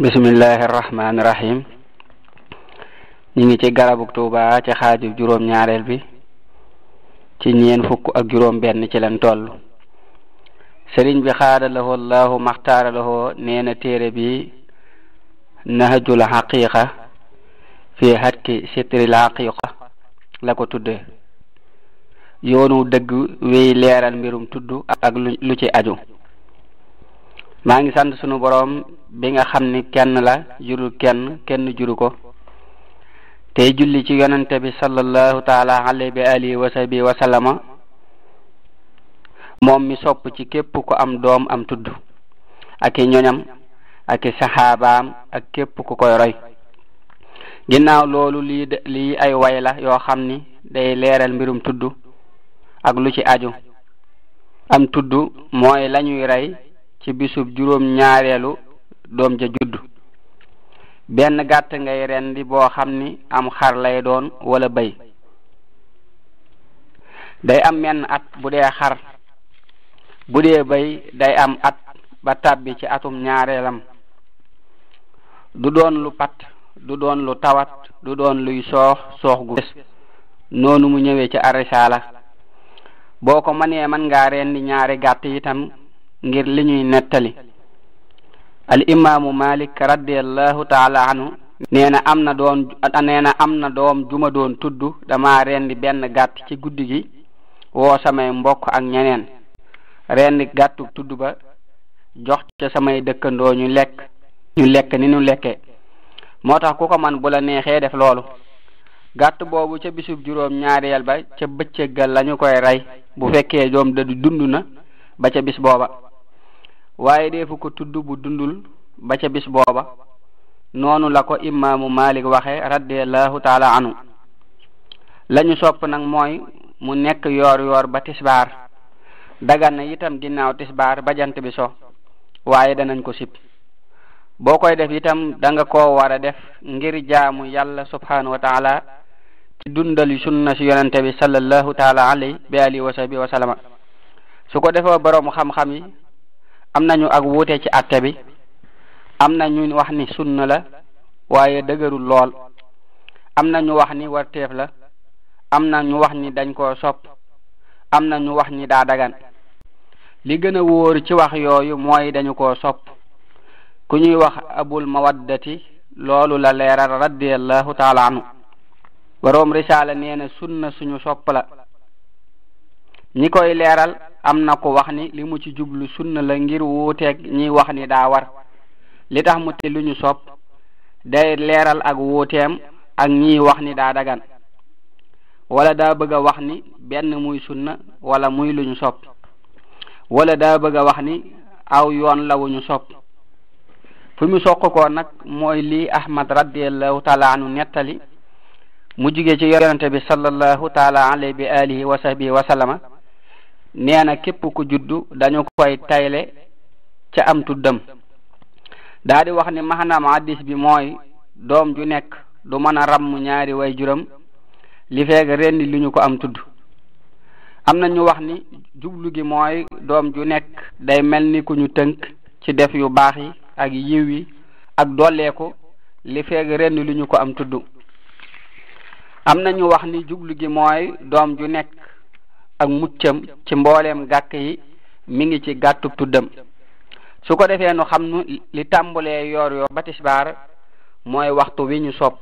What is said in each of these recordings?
bismillahi rahmaani rahim ñu ngi ci garabug tuuba ci xaaju juróom ñaareel bi ci ñeen fukk ak juróom benn ci leen toll sëriñ bi xaada lahoo allahu maxtaara lahoo nee na téere bi nahjul haqiqa fi hatki sitril haqiqa la ko tudde yoonu dëgg wéy leeral mbirum tudd ak lu ci aju maa ngi sant sunu boroom bi nga xam ni kenn la jurul kenn kenn juru ko tey julli ci yonente bi sallallahu taala alayhi wa alihi wa sahbi moom mi sopp ci képp ku am doom am tudd ak i ñoñam ak i saxaabaam ak képp ku koy roy ginnaaw loolu lii ay way la yoo xam ni day leeral mbirum tudd ak lu ci aju am tudd mooy lañuy rey ci bisub juróom ñaareelu doom ja judd benn gàtt ngay rendi boo xam ni am xar lay doon walla béy day am menn at bu dee xar bu dee béy day am at ba tàbbi ci atum ñaareelam du doon lu pat du doon lu tawat du doon luy soox soox gu bés noonu mu ñëwee ci arisaala boo ko mënee mën ngaa rendi ñaari gàtt itam ngir li ñuy nettali al imaamu malik radiallahu taala anhu nee am na doon na am na doom juma doon tudd dama rendi benn gàtt ci guddi gi woo samay mbokk ak ñeneen rendi gàttu tudd ba jox ca samay dëkkandoo ñu lekk ñu lekk ni ñu lekkee moo tax ku ko man bu la neexee def loolu gàtt boobu ca bisub juróom ñaareel ba ca bëccëgal lañu koy rey bu fekkee doom dadu dund na ba ca bis booba waaye deefu ko tudd bu dundul ba ca bis booba noonu la ko imaamu malik waxe radiallahu taala anhu lañu sopp nag mooy mu nekk yoor yoor ba tisbaar dagan na itam ginnaaw tisbaar ba jant bi so waaye danañ ko sib boo koy def itam danga nga koo war def ngir jaamu yàlla subhanahu wa taala dundal sunna si yonente bi sallallahu taala alayhi bi alihi wa sahbi su ko defee borom xam-xam yi am nañu ak wuute ci atte bi am na ñu wax ni sunna la waaye dëgërul lool am na ñu wax ni warteef la am na ñu wax ni dañ koo sopp am na ñu wax ni daa dagan li gën a wóor ci wax yooyu mooy dañu koo sopp ku ñuy wax abul mawaddati loolu la leeral radiallahu taala anhu waroom risaala nee na suñu sopp la ñi koy leeral am na ko wax ni li mu ci jublu sunna la ngir wuuteeg ñiy wax ni daa war li tax mu te lu ñu sopp day leeral ak wuuteem ak ñiy wax ni daa dagan wala daa bëgg a wax ni benn muy sunna wala muy lu ñu sopp wala daa bëgg a wax ni aw yoon la wu ñu sopp fu mu soq ko nag mooy lii ahmad radiallahu taala anhu nettali mu jugee ci yonente bi sallallahu taala alayhi bi alihi wa sahbihi wa sallama nee na képp ku juddu dañu koy tayle ca am tuddam daldi wax ni maanaam hadis bi mooy doom ju nekk du mën a ràmm ñaari way juram li feeg rend li ñu ko am tudd am na ñu wax ni jublu gi mooy doom ju nekk day mel ni ku ñu tënk ci def yu baax yi ak yiw yi ak dolleeku li feeg rend li ñu ko am tudd am na ñu wax ni jublu gi mooy doom ju nekk ak muccam ci mbooleem gàkk yi mi ngi ci gàttub tuddam su ko defee nu xam nu li tàmbalee yoor yoor ba tisbaar mooy waxtu wi ñu sopp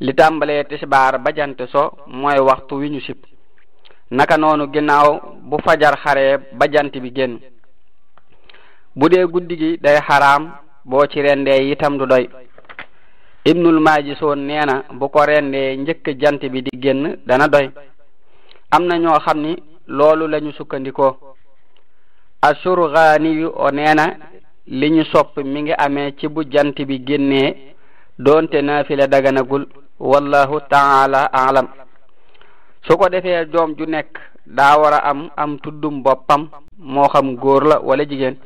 li tàmbalee tisbaar ba jant so mooy waxtu wi ñu sib naka noonu ginnaaw bu fajar xaree ba jant bi génn bu dee guddi gi day xaram boo ci rendee itam du doy ibnul maajisoon nee na bu ko rendee njëkk jant bi di génn dana doy am na ñoo xam ni loolu lañu ñu sukkandikoo ashurgaani yu o nee na li sopp mi ngi amee ci bu jant bi génnee doonte naafila daganagul wallahu taala alam su ko defee doom ju nekk daa war a am am tuddum boppam moo xam góor la wala jigéen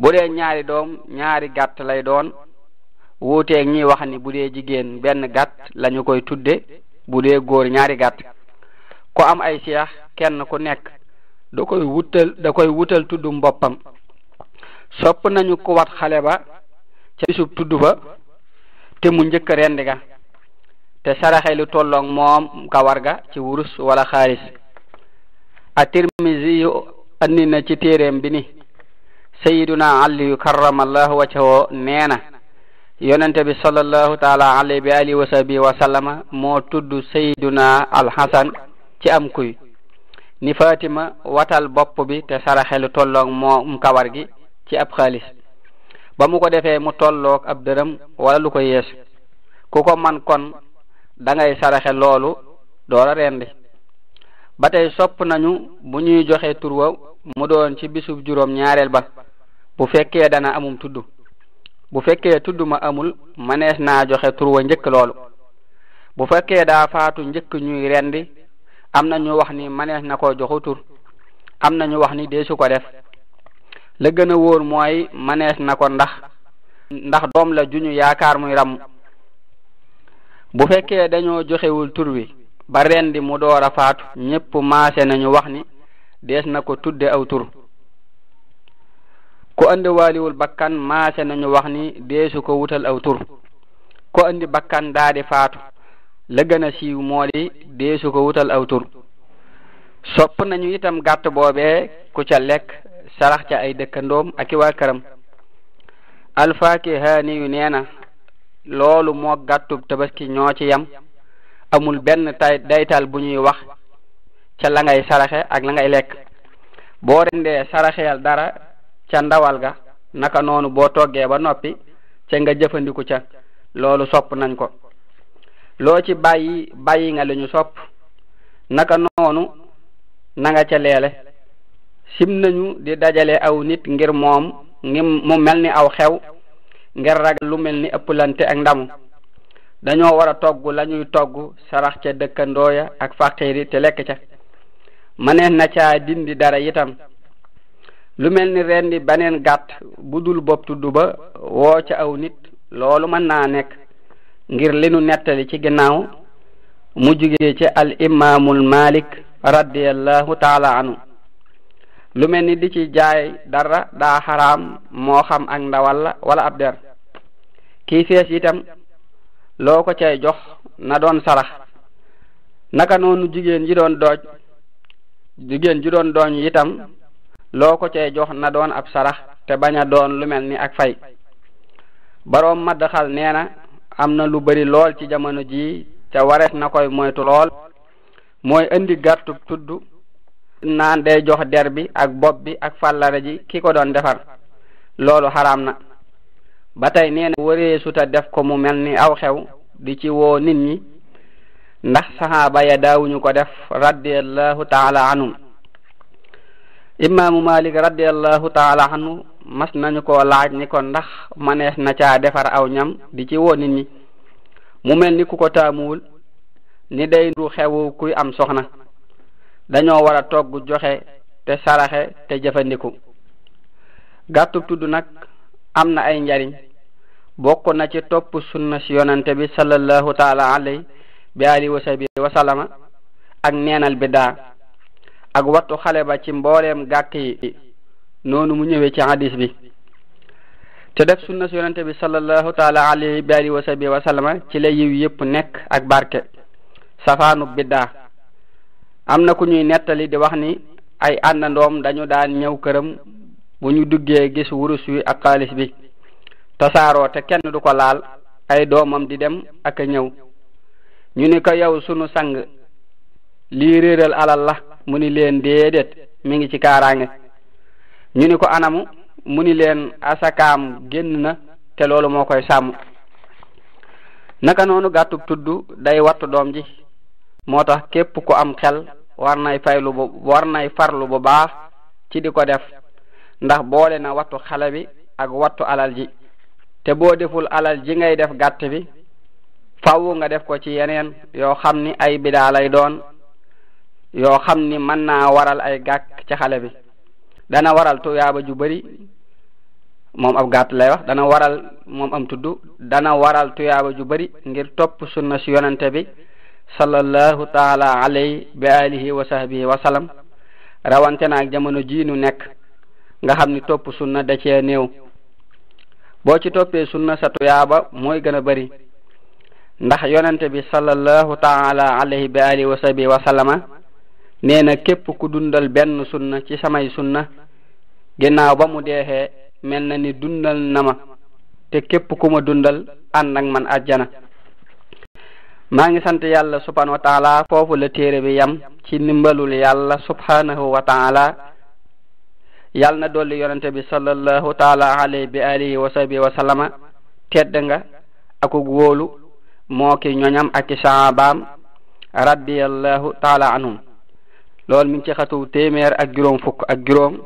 bu dee ñaari doom ñaari gàtt lay doon wuuteeg ñi wax ni bu dee jigéen benn gàtt lañu koy tudde bu dee góor ñaari gàtt ko am ay seex kenn ku nekk da koy wutal tuddu koy boppam sopp nañu ku wat xale ba ca bisub tudd ba te mu njëkk rend ga te saraxe lu tolloog moom kawar ga ci wurus wala xaalis a tirmisi yu ci téeréem bi ni sayiduna aliyu karramallahu wajhahu nee na yonente bi sallallahu taala alayhi bi alihi wa sahbihi moo tudd sayiduna alhasan ci am kuy ni Fatima watal bopp bi te saraxeelu tolloog moom kawar gi ci ab xaalis ba mu ko defee mu tolloog ab dërëm wala lu ko yeesu ku ko man kon da ngay saraxe loolu door a rendi ba tey sopp nañu bu ñuy joxe turwa mu doon ci bisub juróom ñaareel ba bu fekkee dana amum tuddu bu fekkee tudd ma amul manees naa joxe turwa njëkk loolu bu fekkee daa faatu njëkk ñuy rendi am na ñu wax ni manees na ko joxu tur am na ñu wax ni deesu ko def la gën a wóor mooy manees na ko ndax ndax doom la ñu yaakaar muy ram bu fekkee dañoo joxewul tur wi ba ren di mu door a faatu ñépp maase nañu wax ni dees na ko tudde aw tur ku andi waaliwul bakkan maase nañu wax ni deesu ko wutal aw tur ku andi bakkan daa faatu la gëna a siiw moo di deesu ko wutal aw tur sopp nañu itam gàtt boobee ku ca lekk sarax ca ay dëkkandoom ak i waa këram alfaakihani yu nee na loolu moo gàttub tabaski ñoo ci yam amul benn tay daytal bu ñuy wax ca la ngay saraxe ak la ngay lekk boo rendee yal dara ca ndawal ga naka noonu boo toggee ba noppi ca nga jëfandiku ca loolu sopp nañ ko loo ci bàyyi bàyyi nga li ñu sopp naka noonu nanga ca leele sim nañu di dajale aw nit ngir moom mu mel ni aw xew ngir ragal lu mel ni ëpplante ak ndamu dañoo war a togg lañuy togg sarax ca dëkkandoo ya ak faqiiri te lekk ca mënees na caa dindi dara itam lu mel ni rendi baneen gàtt bu dul bopp tudd ba woo ca aw nit loolu mën naa nekk ngir li nu nettali ci ginnaaw mu jugee ci al imaamul malik radiallahu taala anhu lu mel ni di ci jaay dara daa xaraam moo xam ak ndawal la wala ab der kii fees itam loo ko cee jox na doon sarax naka noonu jigéen ji doon dooj jigéen ji doon dooñ itam loo ko cee jox na doon ab sarax te bañ doon lu mel ni ak fay boroom maddaxal nee na am na lu bari lool ci jamono ji te warees na koy moytu lool mooy indi gàttu tudd naan day jox der bi ak bopp bi ak fàllare ji ki ko doon defar loolu xaraam na ba tey nee na waree suta def ko mu mel ni aw xew di ci woo nit ñi ndax saxaaba ya daawuñu ko def radiallahu taala anhum imaamu malik radiallahu taala anhu mas nañu ko laaj ni ko ndax manees na caa defar aw ñam di ci woo nit ñi mu mel ni ku ko taamuwul ni day ndu xewu kuy am soxna dañoo war a togg joxe te saraxe te jëfandiku gàttub tudd nag am na ay njariñ bokk na ci topp sunna si yonante bi sallallahu taala alay bi ali wa sabi wasalama ak neenal biddaa ak wattu xale ba ci mbooleem gàkk yi noonu mu ñëwee ci hadis bi te def sunna su bi sallallahu taala alayhi bi alihi wa sahbihi ci la yiw yëpp nekk ak barke safaanu biddaa am na ku ñuy nettali di wax ni ay àndandoom dañu daan ñëw këram bu ñu duggee gis wurus wi ak xaalis bi tasaaroo te kenn du ko laal ay doomam di dem ak a ñëw ñu ni ko yow sunu sang lii réeral alalla mu ni leen déedéet mi ngi ci kaaraange ñu ni ko anamu mu ni leen asakaam génn na te loolu moo koy sàmm naka noonu gàttug tuddu day wattu doom ji moo tax képp ku am xel war nay faylu bu war nay farlu bu baax ci di ko def ndax boole na wattu xale bi ak wattu alal ji te boo deful alal ji ngay def gàtt bi fawu nga def ko ci yeneen yoo xam ni ay bidaa doon yoo xam ni mën naa waral ay gàkk ci xale bi dana waral tuyaaba ju bari moom ab gàt lay dana waral moom am tudd dana waral tuyaaba ju bari ngir topp sunna si yonente bi sallallahu taala alayhi bi alihi wa wasalam wa sallam rawante naag jamono jii nu nekk nga xam ni topp sunna da cee néew boo ci toppee sunna sa tuyaaba mooy gën a bari ndax yonente bi sallallahu taala alayhi bi alihi wa sahbihi nee na képp ku dundal benn sunna ci samay sunna ginnaaw ba mu deexee mel na ni dundal na ma te képp ku ma dundal ànd man àjjana maa ngi sant yàlla subhanahu wa foofu la téere bi yam ci ndimbalul yàlla subhanahu wa taala na dolli yonente bi sallallahu taala alayhi bi alihi wa sahbihi wa sallama ñoñam ak i saabaam radiyallahu taala anhum lool mi ngi ci xatu téeméer ak juróom fukk ak juróom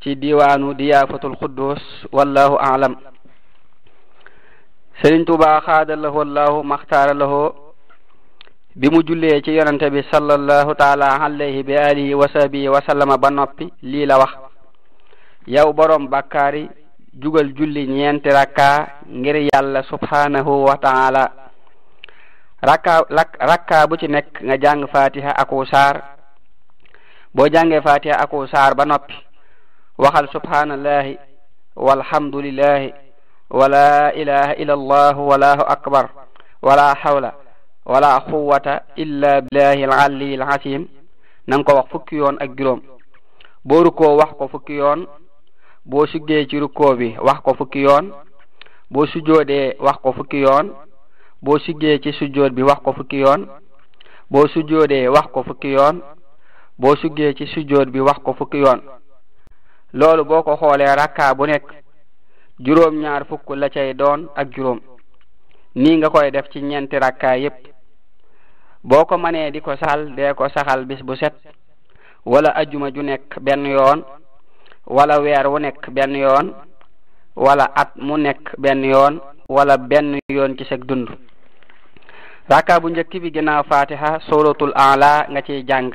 ci diwaanu diyaafatul quddus wallahu alam Sëriñ Tuubaa xaada lahu wallahu maxtaara bi mu jullee ci yonante bi sallallahu taala alayhi bi alihi wa sahbihi ba noppi lii la wax yow boroom bàkkaari jugal julli ñeenti rakka ngir yàlla subhanahu wa rakka rakka bu ci nekk nga jàng fatiha aku boo jàngee fatiha aku saar ba noppi waxal subhanallahi walhamdulillahi wala ilaha illa allahu wallahu akbar wala hawla wala quwata illa billahi alalii alazim na nga ko wax fukki yoon ak juróom boo rukkoo wax ko fukki yoon boo suggee ci rukkoo bi wax ko fukki yoon boo sujoodee wax ko fukki yoon boo suggee ci sujood bi wax ko fukki yoon boo sujoodee wax ko fukki yoon boo suggee ci sujjoot bi wax ko fukki yoon loolu boo ko xoolee rakka bu nekk juróom ñaar fukk la cay doon ak juróom nii nga koy def ci ñeenti rakka yépp boo ko mënee di ko saxal dee ko saxal bis bu set wala ajuma ju nekk benn yoon wala weer wu nekk benn yoon wala at mu nekk benn yoon wala benn yoon ci seg dund rakka bu njëkk bi ginnaaw fatiha suratul ala nga ciy jàng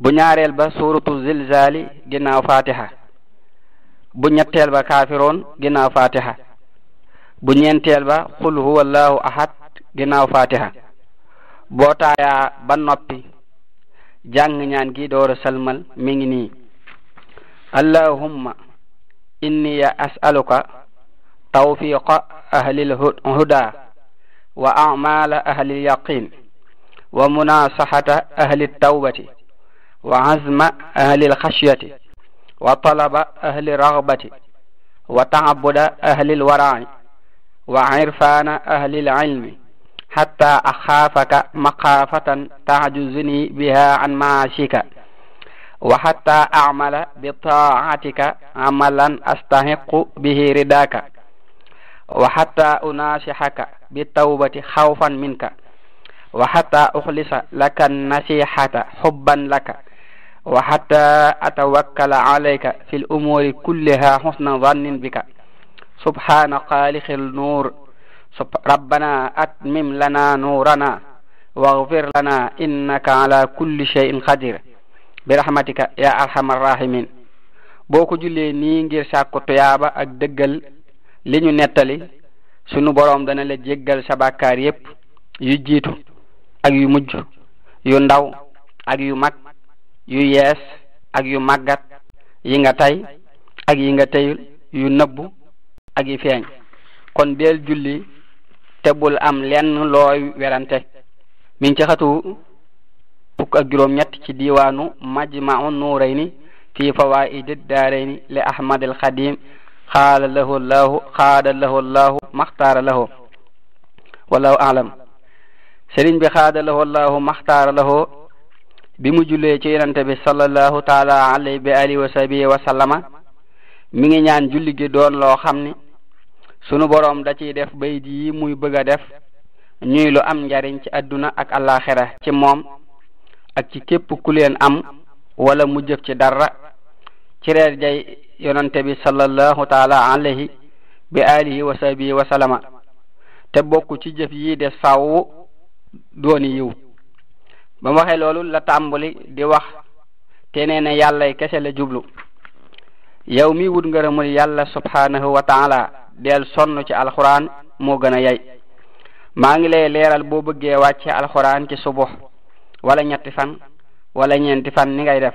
bu ñaareel ba suuratu zilzali ginnaaw fatiha bu ba kaafiroon ginnaaw fatiha bu ba qul huwa allahu ahad ginnaaw fatiha boo ba noppi jàng ñaan gi door a salmal mi ngi nii allahumma inniya as'aluka tawfiqa ahlil huda wa amala ahlil yaqin wa munasahata ahli tawbati وعزم أهل الخشية وطلب أهل الرغبة وتعبد أهل الورع وعرفان أهل العلم حتى أخافك مخافة تعجزني بها عن معاشك وحتى أعمل بطاعتك عملا أستحق به رداك وحتى أناصحك بالتوبة خوفا منك وحتى أخلص لك النصيحة حبا لك wa hatta atawakkala alayka fi l umuri kulliha husna zannin bika subhana xaaliqil nuur rabbana atmim lana nuurana waghfir lana innaka ala kulli shay'in qadir bi rahmatika ya arhamar rahimin boo ko jullee nii ngir sàkku tuyaaba ak dëggal li ñu nettali sunu borom dana la jéggal sa bàkkaar yépp yu jiitu ak yu mujj yu ndaw ak yu mag yu yees ak yu màggat yi nga tey ak yi nga teyul yu nëbbu ak yi feeñ kon beel julli te am lenn looy werante mi ngi ci xatu fukk ak juróom ñett ci diiwaanu majmau nuurayni fi fawaidi daarayni li ahmad al xadim xaala lahu llahu xaada lahu llahu maxtaara lahu wallahu alam sëriñ bi xaada lahu llahu maxtaara lahu bi mu jullee ci yonente bi sallallahu taala alayhi bi alihi wa sahbihi wa sallama mi ngi ñaan julli doon loo xam ni sunu boroom da ciy def bayit yi muy bëgg a def ñuy lu am njariñ ci adduna ak alaxira ci moom ak ci képp ku leen am wala mu jëf ci dara ci reer jay yonente bi sallallahu taala alayhi bi alihi wa sahbihi wa sallama te bokk ci jëf yi de sawwu dooni yiw ba waxe waxee loolu la tàmbali di wax te nee yàlla kese la jublu yow mi wut ngërëmul yàlla subhanahu wa taala del sonn ci alxuraan moo gën a yay maa ngi lay leeral boo bëggee wàcce alxuraan ci subux wala ñetti fan wala ñeenti fan ni ngay def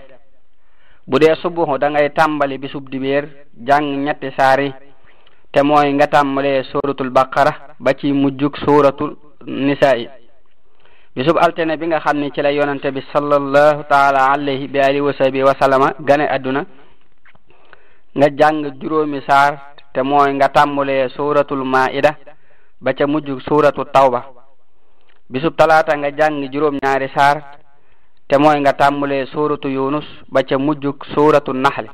bu dee subux da ngay tàmbali bisub dibéer jàng ñetti saari te mooy nga tàmbalee suratul baqara ba ci mujjug suratul nisaa bisub altine bi nga xam ne ci la yonante bi sallallahu taala alayhi bi alihi wa sahbi wa sallama gane adduna nga jàng juróomi saar te mooy nga tàmbalee suuratul ca mujj suuratu tawba bisub talaata nga jàng juróom ñaari saar te mooy nga tàmbalee suuratu yunus ba ca mujj suuratu naxli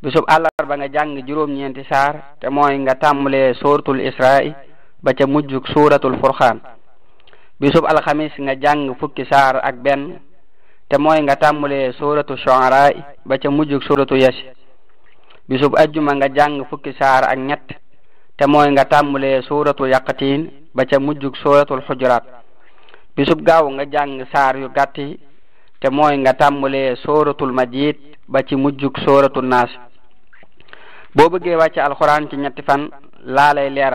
bisub àllarba nga jàng juróom-ñeenti saar te mooy nga tàmbalee suuratul isra'i ba ca mujj suuratu furqaan bisub alxamis nga jàng fukki saar ak benn te mooy nga tàmmulee suratu shu'ara ba ca mujjug suratu yasin bisub ajjuma nga jàng fukki saar ak ñett te mooy nga tàmmulee suratu yaqatiin ba ca mujjug suratul xujuraat bisub gaaw nga jàng saar yu gàtt te mooy nga tàmmulee suratul majid ba ci mujjug suratul naas boo bëggee wàcc alxuraan ci ñetti fan laa lay leer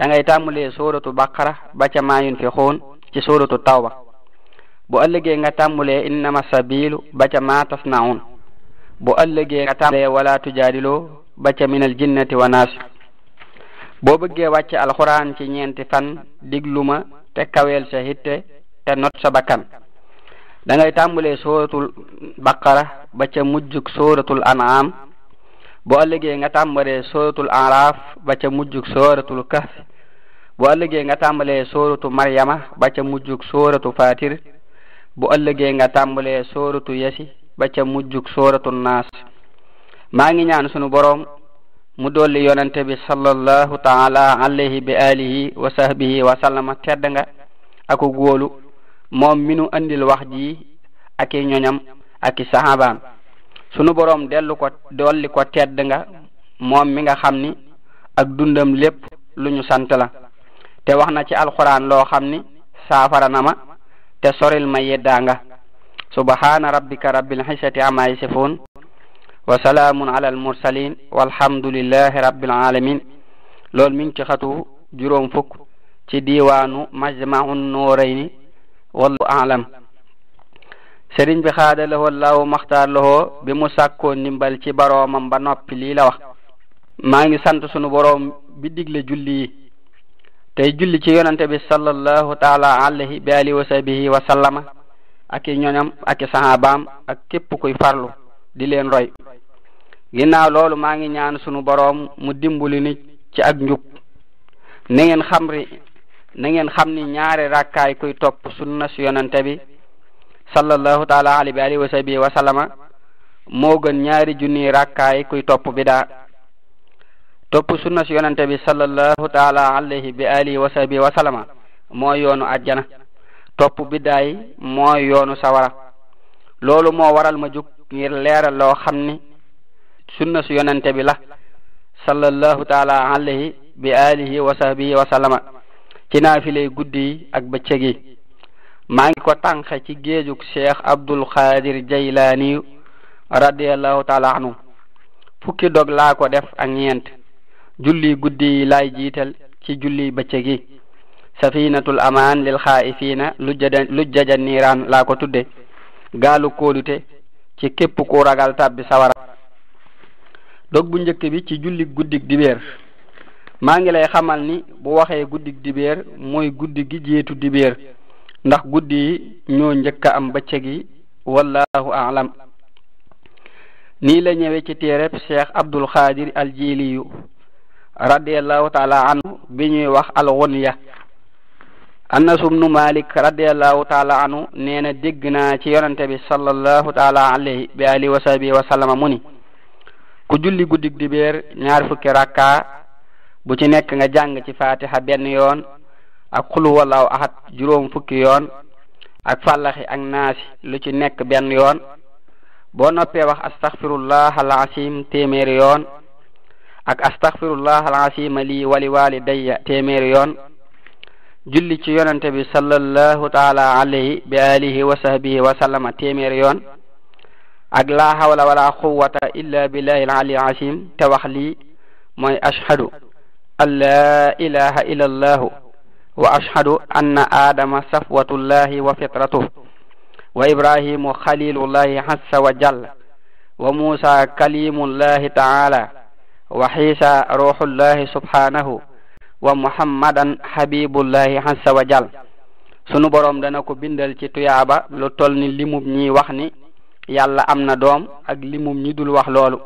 da ngay tàmmulee sóoratu baqara ba ca maa yunfiquun ci sóoratu tawba bu ëllëgee nga tàmmulee innama sabilu ba ca maa tasnaun bu ëllëgee nga tàmmulee wala tujaadiloo ba ca minal jinnati wa naas boo bëggee wàcc alxuraan ci ñeenti fan diglu ma te kaweel sa hitte te not sa bakkan da ngay tàmbulee sooratul baqara ba ca mujjug sooratul an'am bu ëllëgee nga tàmbalee sooratul araaf ba ca mujjug sooratul bu ëllëgee nga tàmbalee sooratu maryama ba ca mujjug sooratu fatir bu ëllëgee nga tàmbalee sooratu yasi ba ca mujjug sooratu naas maa ngi ñaan sunu boroom mu dolli yonente bi sallallahu taala alayhi bi alihi wa sahbihi wa sallama tedd nga aku góolu moom minu andil wax ji aki ñoñam aki sahabaam sunu boroom dolli ko tedd moom mi nga xam ni ak dundam lépp lu ñu sant la te wax na ci alquran loo xam ni saafara na ma te soril ma yeddanga subhana rabbika rabbil xisati ama yasifun wa salaamun ala al mursalin walhamdulillahi rabbil alamin loolu mi ngi ci xatu juróom fukk ci diiwaanu majmaun nuurayni wallahu alam sëriñ bi xaada lahoo law maxtaar lahoo bi mu sàkkoo ndimbal ci baroomam ba noppi lii la wax maa ngi sant sunu boroom bi digle julli tey julli ci yonante bi sallallahu taala alayhi bi alihi wa sahbihi wa sallama ak ak i sahabaam képp kuy farlu di leen roy ginnaaw loolu maa ngi ñaan sunu boroom mu dimbali ni ci ak njub na ngeen xam ri na ngeen xam ni ñaari rakkaay kuy topp sunna si yonante bi sallallahu taala alayhi bi alihi wa sahbihi gën ñaari junni rakkaay kuy topp bidaa topp sunna si yonente bi sallallahu taala alayhi bi alihi wa sahbi mooy yoonu ajjana topp biddaay mooy yoonu sawara loolu moo waral ma jug ngir leeral loo xam ni sunna si bi la sallallahu taala alayhi bi alihi wa sahbihi wa salama ci naafilay guddi yi ak bëccëg yi maa ngi ko tànqe ci géejug cheikh abdul xaadir jaylaaniyu radiallahu taala anhu fukki dog laa ko def ak ñeent julli guddi lay jiital ci julli bëcce gi safinatul aman lil xaifina lujjajan niiraan laa ko tudde gaalu kóodute ci képp ku ragal tabbi sawara dog bu njëkk bi ci julli guddig dibeer maa ngi lay xamal ni bu waxee guddig dibeer mooy guddi gi jeetu dibeer ndax guddi yi ñoo njëkk am bëcce gi wallahu aclam nii la ñëwee ci téereb cheikh abdul xaadir al jiiliyu radiallahu taala bi ñuy wax alxunya anas ubnu malik radiallahu taala anhu nee na dégg ci yonente bi sallallahu taala alayhi bi alihi wa sahbihi mu ni ku julli guddig di ñaar fukki rakka bu ci nekk nga jàng ci fatiha benn yoon ak xulu walaaw axat juróom fukki yoon ak fàllaxi ak naasi lu ci nekk benn yoon boo noppee wax astaghfirullah al asim téeméeri yoon ak astaghfirullah alazim li wa li walidayya temer yon julli ci yonante bi sallallahu taala alayhi bi alihi wa sahbihi wa sallama temer yon ak la hawla wala quwwata illa billahi alali azim te wax lii ashhadu an la ilaha illa allah wa ashhadu anna adama safwatullahi wa fitratuh wa ibrahim khalilullahi hasa wa jalla wa musa kalimullahi taala wa xiisa ruuxullahi subhanahu wa muhammadan habibullahi azza wa sunu boroom dana ko bindal ci tuyaaba lu toll ni limum ñi wax ni yàlla am na doom ak limum ñi dul wax loolu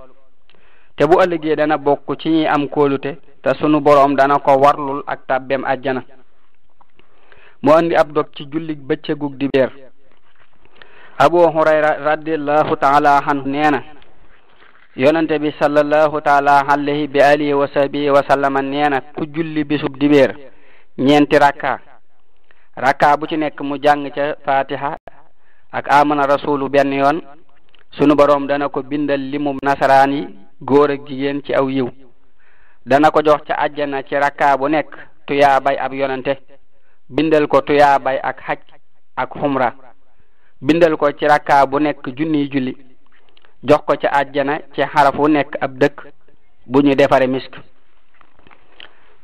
te bu ëllëgee dana bokk ci ñi am kóolute te sunu borom dana ko warlul ak tàbbeem àjjana mu andi ab dog ci jullig bëccëgug dibéer abu hurayra radiallahu taala anhu nee yonente bi sallallahu taala alayhi bi alihi wa sahbihi wa sallama nee na ku julli bisub dibéer ñeenti rakka rakka bu ci nekk mu jàng ca fatiha ak amana rasulu benn yoon sunu boroom dana ko bindal limum nasaraan yi góor ak jigéen ci aw yiw dana ko jox ca àjjana ci raka bu nekk tuyaa bay ab yonente bindal ko tuyaa bay ak xaj ak xumra bindal ko ci rakka bu nekk junniy julli jox ko ci àjjana ci xaraf wu nekk ab dëkk bu ñu defare misk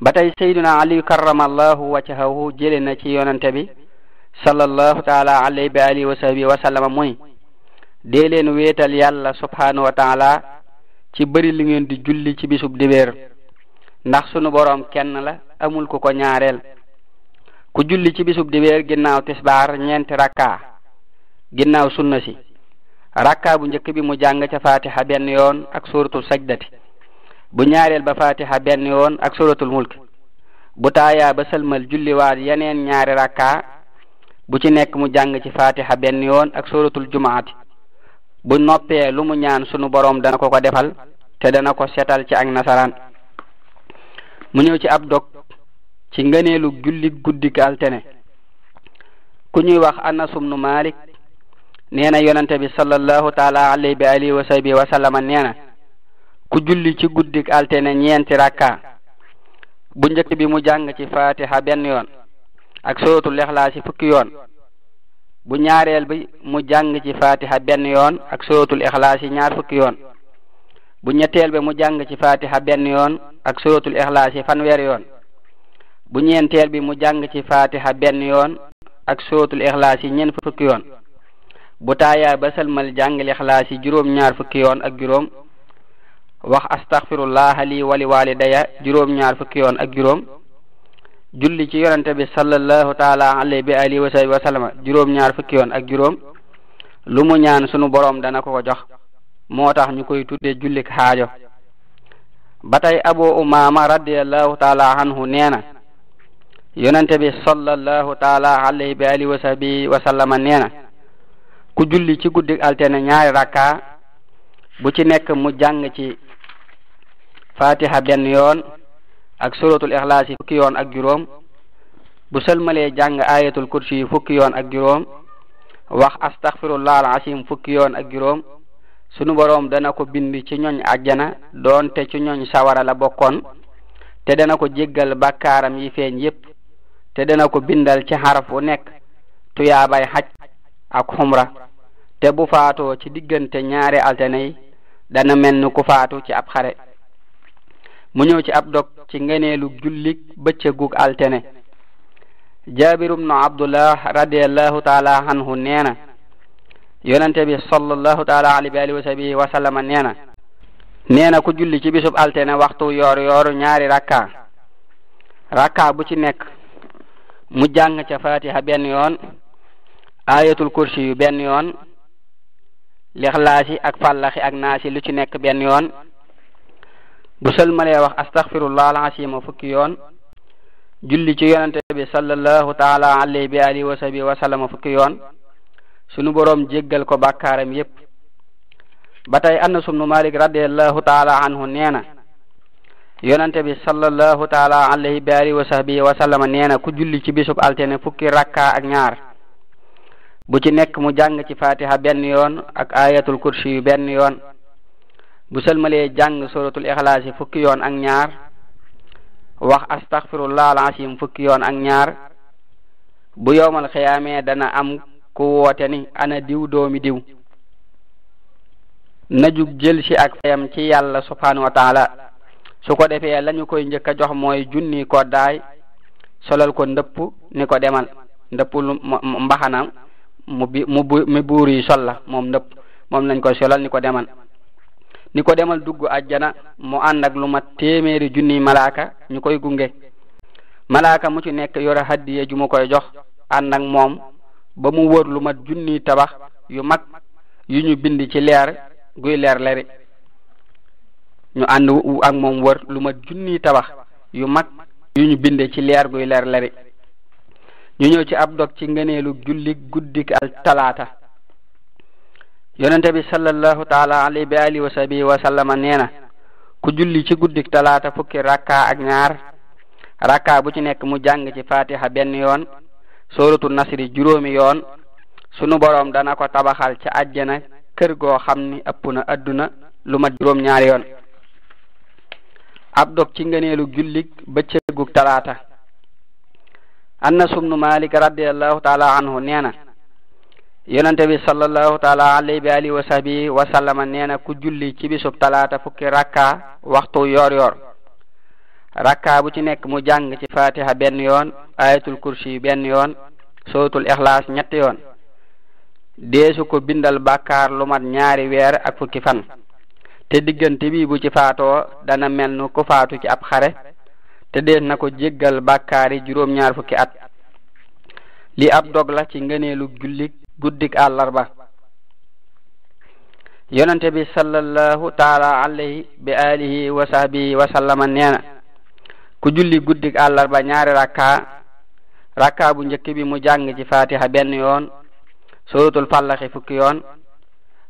ba tey sayduna aliyu karamallahu wajhahu jële na ci yonante bi sallallahu taala alayhi bi alihi wa sahbihi wa sallama muy dee leen wéetal yàlla subhanahu ci bëri li ngeen di julli ci bisub dibéer ndax sunu borom kenn la amul ku ko ñaareel ku julli ci bisub dibéer ginnaaw tisbaar ñeenti rakka ginnaaw sunna si rakka bu njëkk bi mu jàng ca fatiha benn yoon ak suratul sajdati bu ñaareel ba fatiha benn yoon ak suratul mulk bu taayaa ba sëlmal julliwaat yeneen ñaari rakka bu ci nekk mu jàng ci fatiha benn yoon ak suratul jumaati bu noppee lu mu ñaan sunu boroom dana ko ko defal te dana ko setal ci ak nasaraan mu ñëw ci ab dog ci ngëneelu julli guddi altene ku ñuy wax anasum nu malik nee na bi sallallahu taala alayhi bi alihi wa sahbihi ku julli ci guddik altene ñeenti rakka bu njëkk bi mu jàng ci fatiha benn yoon ak sootul lexlaa si fukki yoon bu ñaareel mu jàng ci fatiha benn yoon ak sootul ixlaas ñaar fukki yoon bu ñetteel bi mu jàng ci fatiha benn yoon ak sootul ixlaas fanweer yoon bu ñeenteel bi mu jàng ci fatiha benn yoon ak sootul ixlaas yi ñeent fukki yoon bu taayaa ba salmal jàngal ixlaas yi juróom ñaar fukki yoon ak juróom wax astaghfirullah li wali walidaya juróom ñaar fukki yoon ak juróom julli ci bi sallallahu taala alayhi juróom ñaar fukki yoon ak juróom lu mu ñaan sunu borom dana ko ko jox moo tax ñu koy tudde jullik xaajo ba tey abu umaama radiallahu taala anhu nee na yonente bi sallallahu taala alayhi bi alihi wa sahbihi wa ku julli ci guddi altine ñaari rakka bu ci nekk mu jàng ci fatiha benn yoon ak suratul ixlaas yi fukki yoon ak juróom bu sëlmalee jàng ayatul kursi yi yoon ak juróom wax astaghfirullah al fukki yoon ak juróom sunu boroom dana ko bind ci ñoñ àjjana doonte ci ñoñ sawara la bokkoon te dana ko jéggal bakkaaram yi feeñ yépp te dana ko bindal ci xaraf wu nekk tuyaabay xaj ak xumra te bu faatoo ci diggante ñaari altine yi dana mel ni ku faatu ci ab xare mu ñëw ci ab dog ci ngeneelu jullik bëccëgug altine jaabir ibnu abdullah radiallahu taala anhu nee na bi sallallahu taala alayhi wa alihi wa sahbihi wa sallama ku julli ci bisub altine waxtu yoor yoor ñaari rakka rakka bu ci nekk mu jàng ca fatiha benn yoon ayatul kursi yu benn yoon lixlaasi ak fàllaxi ak naasi lu ci nekk benn yoon bu sëlmalee wax astaxfirullah alasima fukki yoon julli ci yonente bi sallallahu taala alayhi bi alihi wa sahbi wa sallama fukki yoon sunu boroom jéggal ko bàkkaaram yépp ba tey Anas ibnu Malik radiallahu taala anhu nee na yonente bi sallallahu taala alayhi bi alihi wa sahbi wa sallama nee na ku julli ci bisub altine fukki rakka ak ñaar bu ci nekk mu jàng ci fatiha benn yoon ak ayatul kursi yu benn yoon bu sëlmalee jàng suratul ixlaas fukki yoon ak ñaar wax astaghfirullah alasim fukki yoon ak ñaar bu yowmal xiyaamee dana am ku woote ni ana diw doomi diw najug jël si ak fayam ci yàlla subhanahu wa taala ko defee lañu koy njëkk a jox mooy junni ko daay solal ko ndëpp ni ko demal ndëpp mbaxanam mu bi mu bu mu buur yi sol la moom ndëpp moom lañ koy solal ni ko demal ni ko demal dugg ajjana mu ànd ak lu ma téeméeri junniy malaaka ñu koy gunge malaaka mu ci nekk yore haddiye ju mu koy jox ànd ak moom ba mu wër lu mat junniy tabax yu mag yu ñu bind ci leer guy leer leri ñu ànd ak moom wër tabax yu mag yu ci leer guy leer leri ñu ñëw ci ab dog ci ngëneelu jullik guddik al talaata yonente bi sallallahu taala bi alihi wa sahbihi wa nee na ku julli ci guddik talaata fukki rakka ak ñaar rakka bu ci nekk mu jàng ci fatiha benn yoon sóoratu nasri juróomi yoon sunu boroom dana ko tabaxal ci àjjana kër goo xam ni ëpp na adduna lu mat juróom ñaar yoon ab dog ci ngëneelu ba bëccëgug talaata anas ubnu malik radiallahu taala anhu nee na yonente bi sallallahu taala alayhi bi alihi wa sahbi wa sallama nee ku julli ci bisub talaata fukki rakka waxtu yoor yoor rakka bu ci nekk mu jàng ci fatiha benn yoon ayatul kursi benn yoon sootul ixlaas ñetti yoon deesu ko bindal bàkkaar lu mat ñaari weer ak fukki fan te diggante bi bu ci faatoo dana mel ku faatu ci ab xare te dees na ko jéggal bàkkaari juróom ñaar fukki at li ab dog la ci ngëneelu jullik guddik àllarba yonente bi sallallahu taala alayhi bi alihi wa sahbihi wa ku julli guddik àllarba ñaar rakka rakka bu njëkk bi mu jàng ci fatiha benn yoon soorutul fallaxi fukki yoon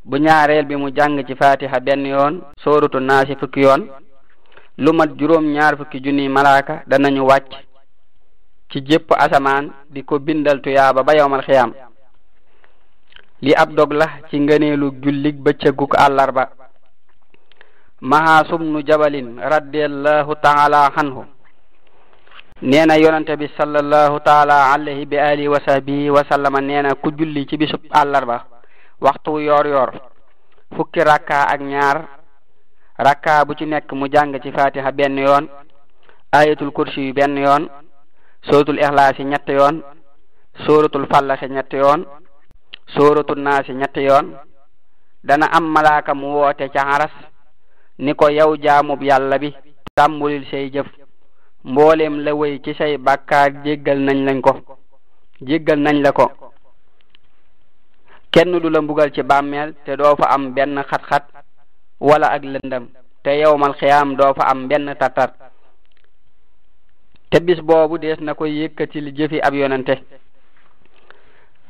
bu ñaareel bi mu jàng ci fatiha benn yoon soorutul naasi fukki yoon lu mat juróom ñaar fukki junniy malaaka danañu wàcc ci jépp asamaan di ko bindal tuyaaba ba yawmal xiyaam li ab dog la ci ngëneelu jullig bëccëguk àllarba maha sumnu jabalin radiallahu taala anhu nee na yonante bi sallallahu taala alayhi bi alihi wa sahbihi wa sallama nee ku julli ci bisub àllarba waxtu yoor yoor fukki rakka ak ñaar rakka bu ci nekk mu jàng ci fatiha benn yoon ayatul kursi yu benn yoon sooratul ixlaasi ñett yoon sooratul fallaxe ñett yoon sooratul naasi ñett yoon dana am malaaka mu woote ca aras ni ko yow jaamu yàlla bi tàmbulil say jëf mbooleem la wéy ci say bàkkaar jéggal nañ lañ ko jéggal nañ la ko kenn du la mbugal ci bàmmeel te doo fa am benn xat-xat wala ak lëndam te yowmal xiyaam doo fa am benn tartar te bis boobu dees na ko yëkkati li jëfi ab yonente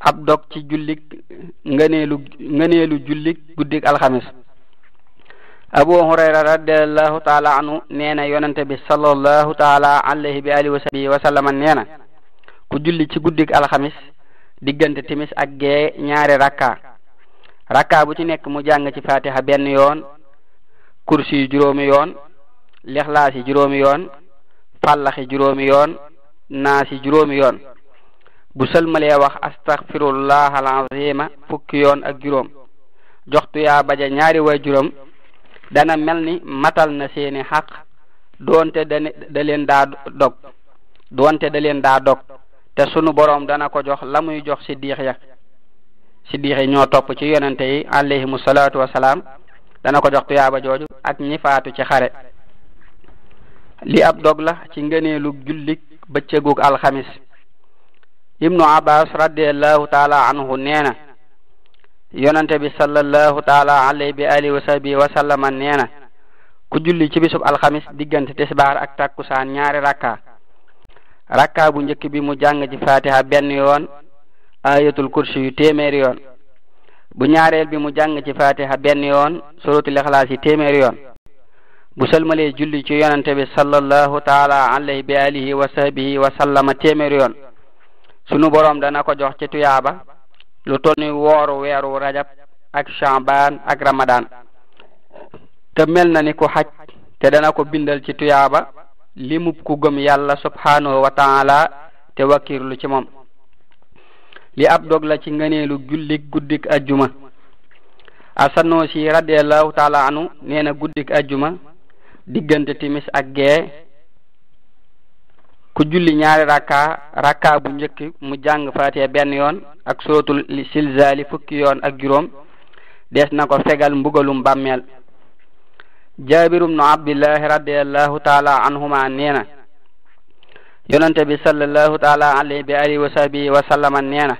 ab dog ci jullik ngëneelu ngëneelu jullik guddik alxamis abu hurayra radiallahu taala anhu nee yonente bi salallahu taala alayhi bi alihi wa sahbihi ku julli ci guddik alxamis diggante timis ak gee ñaari rakka rakka bu ci nekk mu jàng ci fatiha benn yoon kursi yi juróomi yoon lexlaas juróomi yoon fàllaxi juróomi yoon naas juróomi yoon bu sëlmalee wax astaghfirullah alazima fukki yoon ak juróom joxtu yaa baja ñaari way juróom dana mel ni matal na seeni xaq doonte da leen dog doonte da leen daa dog te sunu boroom dana ko jox la muy jox si diix ya si diix ñoo topp ci yonente yi alayhimu salaatu wasalaam dana ko jox tuyaaba jooju ak ñi faatu ci xare li ab dog la ci ngëneelu jullik bëccëgug alxamis ibnu abbas radiallahu taala anhu neena yonante bi sallallahu taala alayhi bi alihi wa sahbi wa sallama neena ku julli ci bisu alxamis diggante tisbaar ak takkusaan ñaari rakka rakka bu njëkk bi mu jàng ci fatiha benn yoon ayatul kursi yu téeméeri yoon bu ñaareel bi mu jàng ci fatiha benn yoon suratul ixlaas yi téeméer yoon bu sëlmalee julli ci yonante bi sallallahu taala alayhi bi alihi wa sahbihi wa yoon sunu boroom dana ko jox ci tuyaaba lu toll ni weeru rajab ak chamban ak ramadan te mel ni ku xaj te dana ko bindal ci tuyaaba limub ku gëm yàlla subhanahu wa taala te wakkirlu ci moom li ab dog la ci ngëneelu jullik guddik ajjuma asanoosi radiallahu taala anu nee guddik ajjuma diggante timis ak gee ku julli ñaari rakka rakka bu njëkk mu jàng faatiha benn yoon ak suratul silzaali fukki yoon ak juróom des na ko fegal mbugalum bàmmeel jaabirum nu abdillahi radiallahu taala anhuma nee na yonente bi sallallahu taala alayhi bi alihi wa sahbihi wa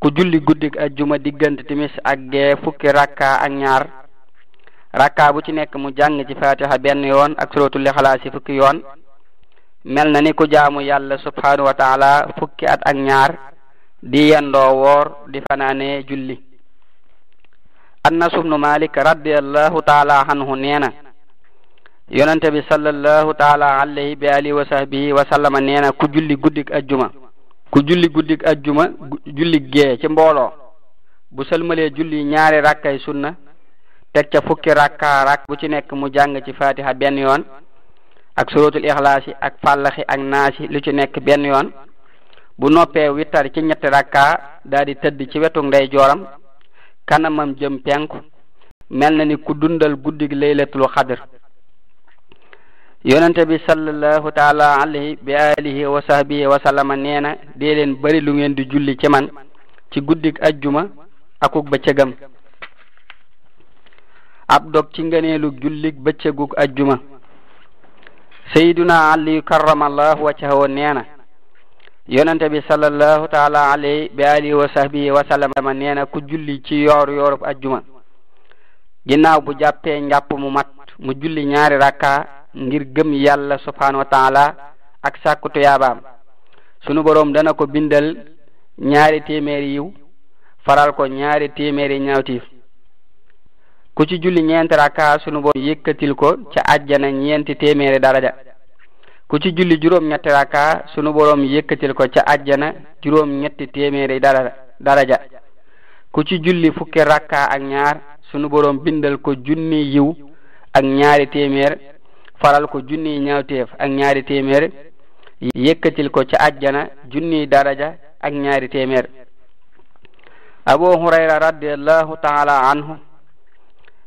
ku julli guddik ajjuma diggante timis ak gee fukki rakka ak ñaar rakka bu ci nekk mu jàng ci fatiha benn yoon ak suratul ixlaasi fukki yoon mel na ni ku jaamu yàlla subhanahu wa fukki at ak ñaar di yendoo woor di fanaane julli annas ubnu malik radiallahu taala anhu nee na yonente bi sallallahu taala alayhi bi alihi wa nee na ku julli guddik ajjuma ku julli guddik ajjuma julli gee ci mbooloo bu sëlmalee julli ñaari rakkay sunna teg ca fukki rakka rak bu ci nekk mu jàng ci fatiha benn yoon ak suratul ixlaasi ak fàllaxi ak naasi lu ci nekk benn yoon bu noppee wittar ci ñetti rakka daldi tëdd ci wetu ndey jooram kanamam jëm penku mel na ni ku dundal guddig laylatul xadr yonente bi taala alayhi bi alihi wa sahbihi wa sallama nee lu ngeen di julli ci man ci guddik ajjuma akuk bëccëgam ab dog ci ngëneelu jullik bëccëguk ajjuma sayyiduna ali karramallahu wajhahu nee na yonente bi sallallahu taala alayhi bi alihi wa sahbihi wa ku julli ci yoor yoorub ajjuma ginnaaw bu jàppee njàpp mu mat mu julli ñaari rakka ngir gëm yàlla subhanahu wa taala ak sàkku tuyaabaam sunu boroom dana ko bindal ñaari téeméeri yiw faral ko ñaari téeméeri ñaawtiif ku ci julli ñeenti rakka sunu boroom yëkkatil ko ca àjjana ñeenti téeméeri daraja ku ci julli juróom ñetti rakka sunu boroom ko ca àjjana juróom fukki rakka ak ñaar sunu boroom bindal ko junni yiw ak ñaari téeméer faral ko junni ñaawteef ak ñaari téeméer yëkkatil ko ca ajjana junniy daraja ak ñaari téeméer abu hurayra radiallahu taala anhu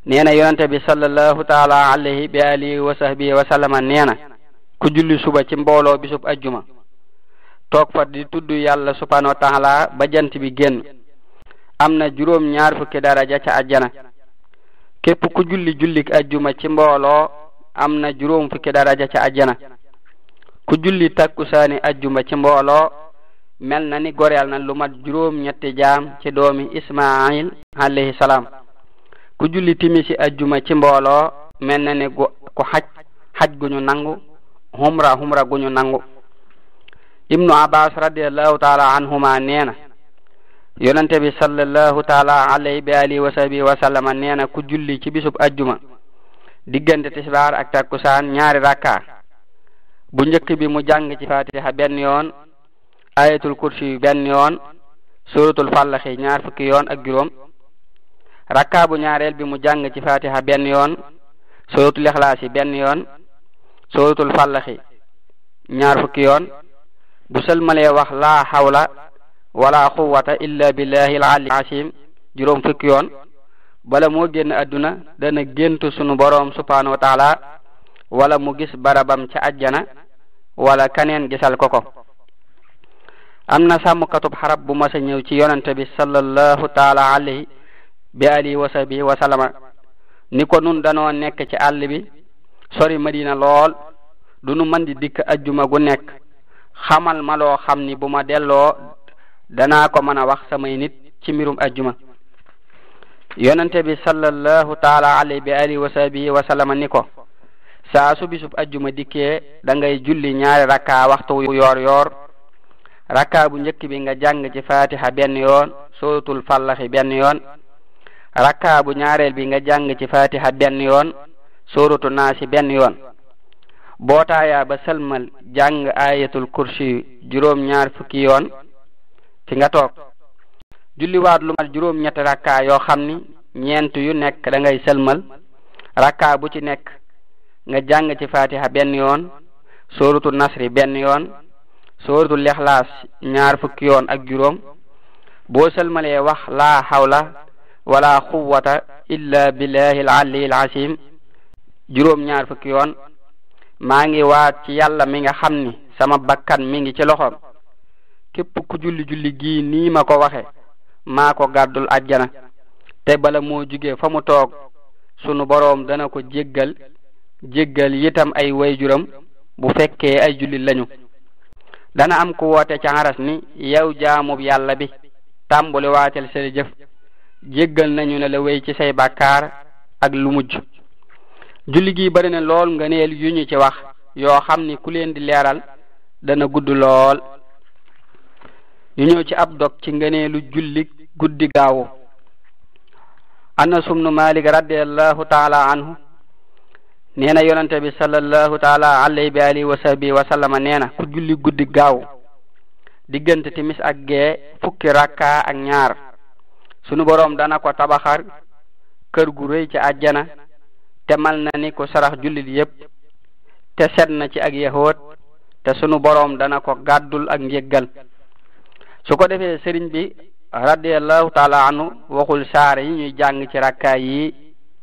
nee na bi sallallahu taala alayhi bi alihi wa sahbihi wa sallama ku julli suba ci mbooloo bisub ajjuma toog fa di tudd yàlla subhanahu wa taala ba bi génn am na juróom ñaar fukki daraja ca ajjana képp ku jullik ajjuma ci am na juróom fukki daraja ci ajjana ku julli takkusaani ajjuma ci mbooloo mel na ni goreel na lu mat juróom ñetti jaam ci doomi ismail alayhi salaam ku julli timisi ajjuma ci mbooloo mel na ni ku xaj xaj gu nangu humra humra gu ñu nangu ibnu abbas radiallahu taala anhuma nee na yonente bi sallallahu taala alayhi bi alihi wa sahbihi wa sallama nee ku julli ci bisub ajjuma diggante tisbaar ak takkusaan ñaari rakka bu njëkk bi mu jàng ci fatiha benn yoon ayatul kursi benn yoon suratul fallaxi ñaar fukki yoon ak juróom rakka bu ñaareel bi mu jàng ci fatiha benn yoon suratul ixlaasi benn yoon suratul fallaxi ñaar fukki yoon bu sëlmalee wax laa hawla wala quwwata illa billahi al juróom fukki yoon bala moo génn adduna dana géntu sunu boroom subhanahu wa wala mu gis barabam ca ajjana wala kaneen gisal ko ko am na sàmmkatub xarab bu mas ñëw ci yonante bi sallallahu taala alayhi bi alihi wa sahbihi ni ko nun danoo nekk ci àll bi sori madina lool du nu mën dikk ajjuma gu nekk xamal ma loo xam ni bu ma delloo danaa ko mën a wax samay nit ci mbirum ajjuma yonente bi sallallahu taala alayhi bi alihi wa sahbihi wa sallama ni ko saa su bisub ajjuma dikkee da ngay julli ñaari rakka waxtu yoor yoor rakka bu njëkk bi nga jàng ci fatiha benn yoon suratul fallaxi benn yoon rakka ñaareel bi nga jàng ci fatiha benn yoon suratu naasi benn yoon bootaaya ba sëlmal jàng ayatul kursi juróom ñaar fukki yoon fi nga toog julliwaat lu mat juróom ñetti rakka yoo xam ni ñeent yu nekk dangay ngay sëlmal bu ci nekk nga jàng ci fatiha benn yoon sóoratu nasri benn yoon sóoratu lexlaas ñaar fukki yoon ak juróom boo sëlmalee wax laa hawla wala quwwata illa billahi aliyil asim juróom ñaar fukki yoon maa ngi waat ci yàlla mi nga xam ni sama bakkan mi ngi ci loxoom képp ku julli julli gii nii ma ko waxe maa ko gàddul ajjana te bala moo jugee fa mu toog sunu boroom dana ko jéggal jéggal yitam ay wayjuram bu fekkee ay jullit lañu dana am ku woote ca xaras ni yow jaamu yàlla bi tàmbuli waatel seen jëf jéggal nañu ne la wéy ci say bàkkaar ak lu mujj julli gi bari na lool nga neel yu ñu ci wax yoo xam ni ku leen di leeral dana gudd lool ñu ñëw ci ab dog ci ngëneelu jullik guddi gaawu anas ibnu malik radiallahu taala anhu nee na bi sallallahu taala alayhi bi alihi wa sahbi wa ku julli guddi gaaw diggante timis ak gee fukki rakka ak ñaar sunu boroom dana ko tabaxar kër gu rëy ci àjjana te mal na ni ko sarax jullit yépp te set na ci ak yahoot te sunu boroom dana ko gàddul ak njéggal su defee sëriñ bi radiallahu taala anhu waxul saar yi ñuy jàng ci rakkaay yi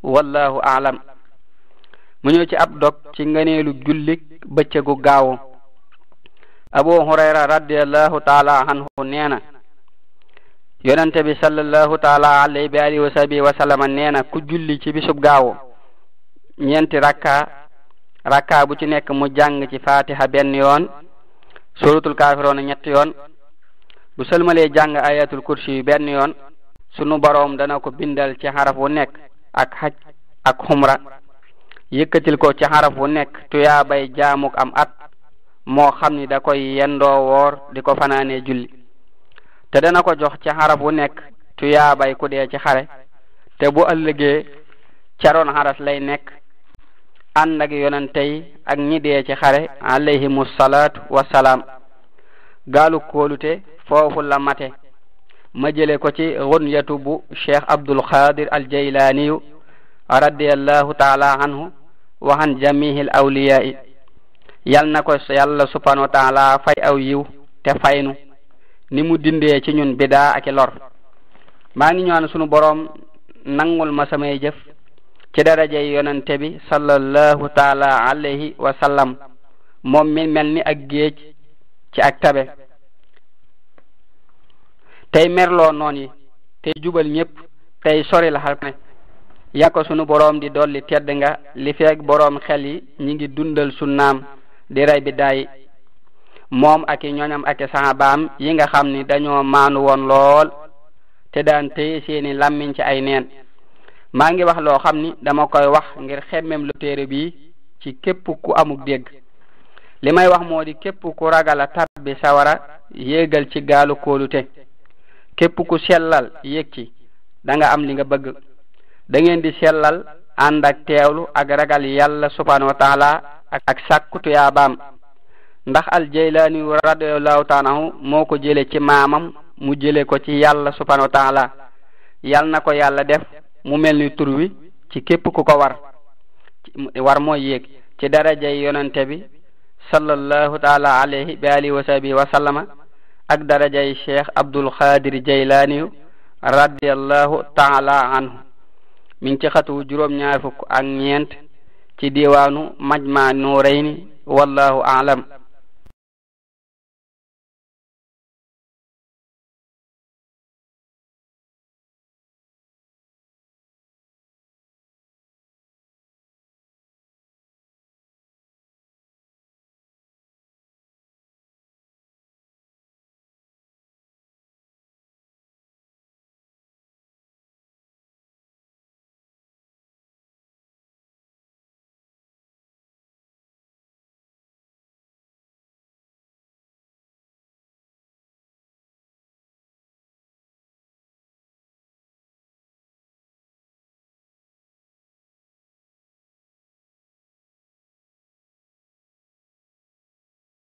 wallahu alam mu ñëw ci ab dog ci ngëneelu jullik bëccëgu gaawu abu hurayra radiallahu taala anhu nee na bi sallallahu taala alayhi bi alihi wa sahbihi wa ku julli ci bisub gaawu ñeenti rakka rakka bu ci nekk mu jàng ci fatiha benn yoon suratul kaafiroona ñetti yoon bu sëlmalee jàng ayatul kursi yu benn yoon sunu boroom dana ko bindal ci xaraf wu nekk ak xaj ak xumra yëkkatil ko ci xaraf wu nekk tuyaa bay jaamuk am at moo xam ni da koy yendoo woor di ko fanaanee julli te dana ko jox ci xaraf wu nekk tuyaa bay ku dee ci xare te bu ëllëgee caroon xaras lay nekk ànd ak yonente yi ak ñi dee ci xare alayhimu salaatu wassalaam gaalu kóolute foofu la ma jële ko ci runyatu bu cheikh abdul qadir al jaylaaniyu radiallahu taala anhu wa jamihil awliya'i yal na ko yàlla subhanahu wa taala fay aw yiw te faynu ni mu dindee ci ñun bidaa ak lor maa ngi ñaan sunu boroom nangul ma samay jëf ci darajey yonante bi sallallahu taala alayhi wa moom mi mel ni ak ci ak tey merloo noon yi tey jubal ñépp tey sori la xalkane ya ko sunu boroom di dolli tedd nga li feeg boroom xel yi ñi ngi dundal sunnaam di rey bi day moom ak i ñoñam ak i saxaabaam yi nga xam ni dañoo maanu woon lool te daan téye seeni làmmiñ ci ay neen maa ngi wax loo xam ni dama koy wax ngir xemmem lu téere bi ci képp ku amuk dégg li may wax moo di képp ku ragal a tabbi sawara yéegal ci gaalu kóolute képp ku sellal yëg ci danga am li nga bëgg da ngeen di sellal ànd ak teewlu ak ragal yàlla subhanahu wa ak sàkku tuyaabaam ndax al jaylaani radiyallahu taala anhu moo ko jële ci maamam mu jële ko ci yàlla subhanahu wa taala na ko yàlla def mu mel ni turwi ci képp ko war war mooy yéeg ci darajay yonente bi sallallahu taala alayhi bi alihi wa sahbihi ak darajay cheikh abdul xaadir jaylaaniyu radiallahu taala anhu mi ngi ci xatu juróom-ñaar fukk ak ñeent ci diwaanu majma nuurayni wallahu alam